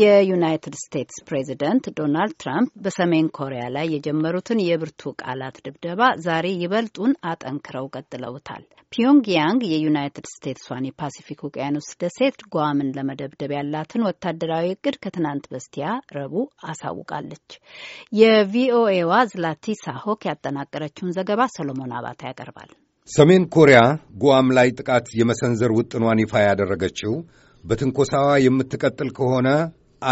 የዩናይትድ ስቴትስ ፕሬዚደንት ዶናልድ ትራምፕ በሰሜን ኮሪያ ላይ የጀመሩትን የብርቱ ቃላት ድብደባ ዛሬ ይበልጡን አጠንክረው ቀጥለውታል። ፒዮንግያንግ የዩናይትድ ስቴትሷን የፓሲፊክ ውቅያኖስ ደሴት ጓምን ለመደብደብ ያላትን ወታደራዊ እቅድ ከትናንት በስቲያ ረቡዕ አሳውቃለች። የቪኦኤዋ ዝላቲሳ ሆክ ያጠናቀረችውን ዘገባ ሰሎሞን አባታ ያቀርባል። ሰሜን ኮሪያ ጉዋም ላይ ጥቃት የመሰንዘር ውጥኗን ይፋ ያደረገችው በትንኮሳዋ የምትቀጥል ከሆነ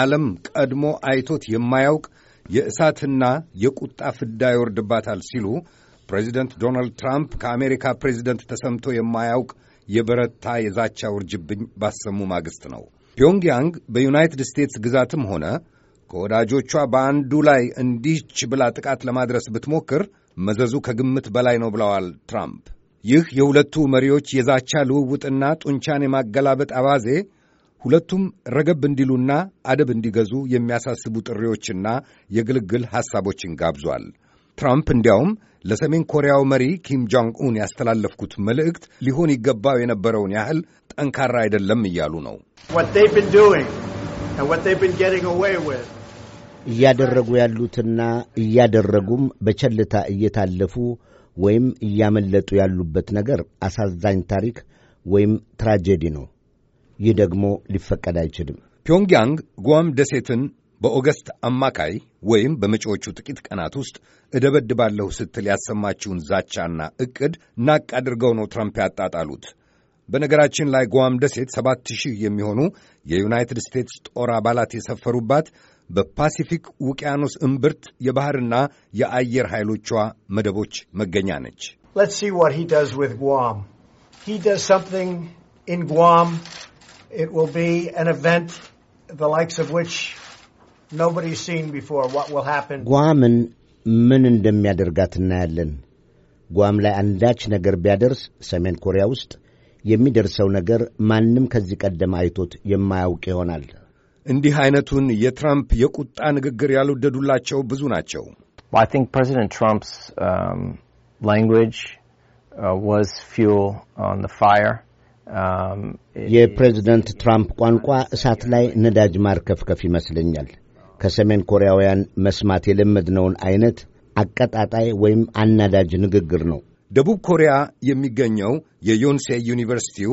ዓለም ቀድሞ አይቶት የማያውቅ የእሳትና የቁጣ ፍዳ ይወርድባታል ሲሉ ፕሬዚደንት ዶናልድ ትራምፕ ከአሜሪካ ፕሬዚደንት ተሰምቶ የማያውቅ የበረታ የዛቻ ውርጅብኝ ባሰሙ ማግስት ነው። ፒዮንግያንግ በዩናይትድ ስቴትስ ግዛትም ሆነ ከወዳጆቿ በአንዱ ላይ እንዲህች ብላ ጥቃት ለማድረስ ብትሞክር መዘዙ ከግምት በላይ ነው ብለዋል ትራምፕ። ይህ የሁለቱ መሪዎች የዛቻ ልውውጥና ጡንቻን የማገላበጥ አባዜ ሁለቱም ረገብ እንዲሉና አደብ እንዲገዙ የሚያሳስቡ ጥሪዎችና የግልግል ሐሳቦችን ጋብዟል። ትራምፕ እንዲያውም ለሰሜን ኮሪያው መሪ ኪም ጆንግ ኡን ያስተላለፍኩት መልእክት ሊሆን ይገባው የነበረውን ያህል ጠንካራ አይደለም እያሉ ነው። እያደረጉ ያሉትና እያደረጉም በቸልታ እየታለፉ ወይም እያመለጡ ያሉበት ነገር አሳዛኝ ታሪክ ወይም ትራጄዲ ነው። ይህ ደግሞ ሊፈቀድ አይችልም። ፒዮንግያንግ ጓም ደሴትን በኦገስት አማካይ ወይም በመጪዎቹ ጥቂት ቀናት ውስጥ እደበድባለሁ ስትል ያሰማችውን ዛቻና እቅድ ናቅ አድርገው ነው ትራምፕ ያጣጣሉት። በነገራችን ላይ ጓም ደሴት ሰባት ሺህ የሚሆኑ የዩናይትድ ስቴትስ ጦር አባላት የሰፈሩባት በፓሲፊክ ውቅያኖስ እምብርት የባሕርና የአየር ኃይሎቿ መደቦች መገኛ ነች። ጓምን ምን እንደሚያደርጋት እናያለን። ጓም ላይ አንዳች ነገር ቢያደርስ ሰሜን ኮሪያ ውስጥ የሚደርሰው ነገር ማንም ከዚህ ቀደም አይቶት የማያውቅ ይሆናል። እንዲህ አይነቱን የትራምፕ የቁጣ ንግግር ያልወደዱላቸው ብዙ ናቸው። ፕሬዚደንት ትራምፕስ ላንጉዌጅ ዋዝ ፊውል ኦን ፋየር የፕሬዚደንት ትራምፕ ቋንቋ እሳት ላይ ነዳጅ ማርከፍከፍ ይመስለኛል። ከሰሜን ኮሪያውያን መስማት የለመድነውን አይነት አቀጣጣይ ወይም አናዳጅ ንግግር ነው። ደቡብ ኮሪያ የሚገኘው የዮንሴ ዩኒቨርሲቲው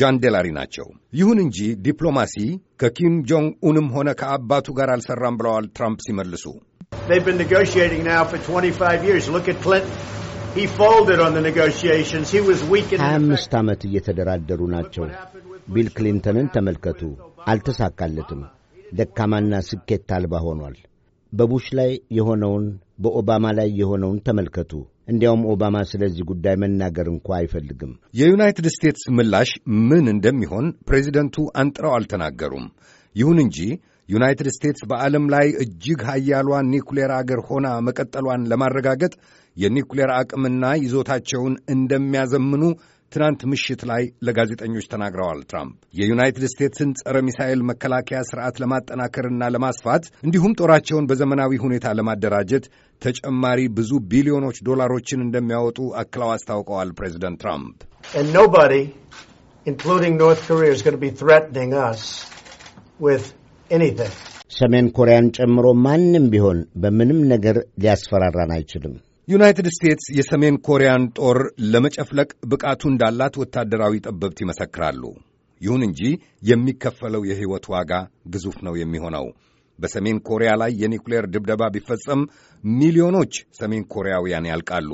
ጃን ዴላሪ ናቸው። ይሁን እንጂ ዲፕሎማሲ ከኪም ጆንግ ኡንም ሆነ ከአባቱ ጋር አልሰራም ብለዋል ትራምፕ ሲመልሱ። ሀያ አምስት ዓመት እየተደራደሩ ናቸው። ቢል ክሊንተንን ተመልከቱ። አልተሳካለትም። ደካማና ስኬት አልባ ሆኗል። በቡሽ ላይ የሆነውን በኦባማ ላይ የሆነውን ተመልከቱ። እንዲያውም ኦባማ ስለዚህ ጉዳይ መናገር እንኳ አይፈልግም። የዩናይትድ ስቴትስ ምላሽ ምን እንደሚሆን ፕሬዚደንቱ አንጥረው አልተናገሩም። ይሁን እንጂ ዩናይትድ ስቴትስ በዓለም ላይ እጅግ ኃያሏ ኒኩሌር አገር ሆና መቀጠሏን ለማረጋገጥ የኒኩሌር አቅምና ይዞታቸውን እንደሚያዘምኑ ትናንት ምሽት ላይ ለጋዜጠኞች ተናግረዋል። ትራምፕ የዩናይትድ ስቴትስን ጸረ ሚሳኤል መከላከያ ስርዓት ለማጠናከርና ለማስፋት እንዲሁም ጦራቸውን በዘመናዊ ሁኔታ ለማደራጀት ተጨማሪ ብዙ ቢሊዮኖች ዶላሮችን እንደሚያወጡ አክለው አስታውቀዋል። ፕሬዚደንት ትራምፕ ሰሜን ኮሪያን ጨምሮ ማንም ቢሆን በምንም ነገር ሊያስፈራራን አይችልም። ዩናይትድ ስቴትስ የሰሜን ኮሪያን ጦር ለመጨፍለቅ ብቃቱ እንዳላት ወታደራዊ ጠበብት ይመሰክራሉ። ይሁን እንጂ የሚከፈለው የሕይወት ዋጋ ግዙፍ ነው የሚሆነው። በሰሜን ኮሪያ ላይ የኒውክሌር ድብደባ ቢፈጸም ሚሊዮኖች ሰሜን ኮሪያውያን ያልቃሉ።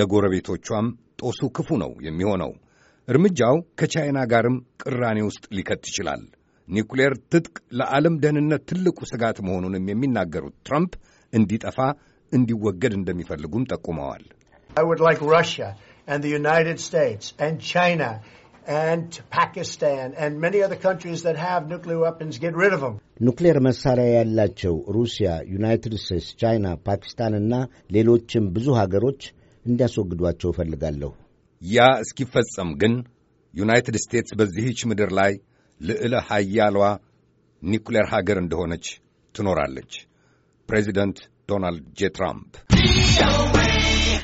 ለጎረቤቶቿም ጦሱ ክፉ ነው የሚሆነው። እርምጃው ከቻይና ጋርም ቅራኔ ውስጥ ሊከት ይችላል። ኒውክሌር ትጥቅ ለዓለም ደህንነት ትልቁ ስጋት መሆኑንም የሚናገሩት ትራምፕ እንዲጠፋ እንዲወገድ እንደሚፈልጉም ጠቁመዋል። ኑክሌር መሳሪያ ያላቸው ሩሲያ፣ ዩናይትድ ስቴትስ፣ ቻይና፣ ፓኪስታንና ሌሎችም ብዙ ሀገሮች እንዲያስወግዷቸው እፈልጋለሁ። ያ እስኪፈጸም ግን ዩናይትድ ስቴትስ በዚህች ምድር ላይ ልዕለ ኃያሏ ኒኩሌር ሀገር እንደሆነች ትኖራለች። ፕሬዚደንት ዶናልድ ጄ ትራምፕ